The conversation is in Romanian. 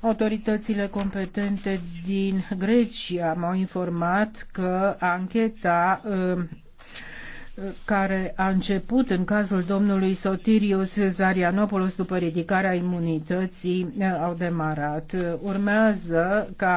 Autoritățile competente din Grecia m-au informat că ancheta um, care a început în cazul domnului Sotirios Zarianopoulos după ridicarea imunității uh, au demarat. Uh, urmează ca